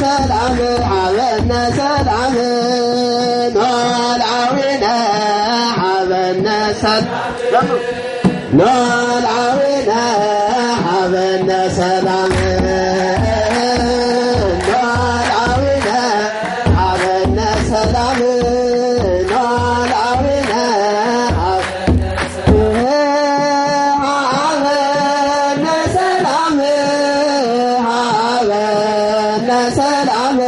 ሰላም ሀበነ ሰላም ኖላዊነ ሀበነ ሰላም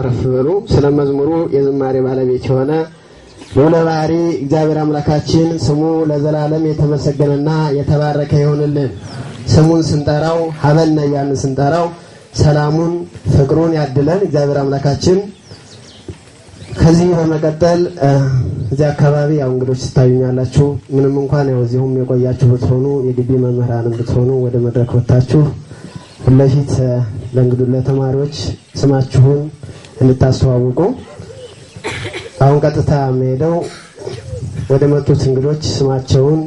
አረፍ በሉ። ስለ መዝሙሩ የዝማሬ ባለቤት የሆነ ሎለ ባህሪ እግዚአብሔር አምላካችን ስሙ ለዘላለም የተመሰገነና የተባረከ ይሆንልን። ስሙን ስንጠራው ሀበነ እያልን ስንጠራው ሰላሙን ፍቅሩን ያድለን እግዚአብሔር አምላካችን። ከዚህ በመቀጠል እዚህ አካባቢ ያው እንግዶች ትታዩኛላችሁ። ምንም እንኳን ያው እዚሁም የቆያችሁ ብትሆኑ የግቢ መምህራንም ብትሆኑ ወደ መድረክ ወጥታችሁ ፊት ለፊት ለእንግዱ ለተማሪዎች ስማችሁን እንድታስተዋውቁ። አሁን ቀጥታ የምሄደው ወደ መጡት እንግዶች ስማቸውን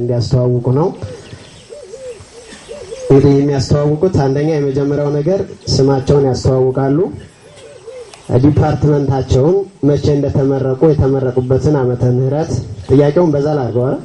እንዲያስተዋውቁ ነው። እንግዲህ የሚያስተዋውቁት አንደኛ የመጀመሪያው ነገር ስማቸውን ያስተዋውቃሉ። ዲፓርትመንታቸውን፣ መቼ እንደተመረቁ፣ የተመረቁበትን ዓመተ ምሕረት ጥያቄውን በዛ ላርገዋል።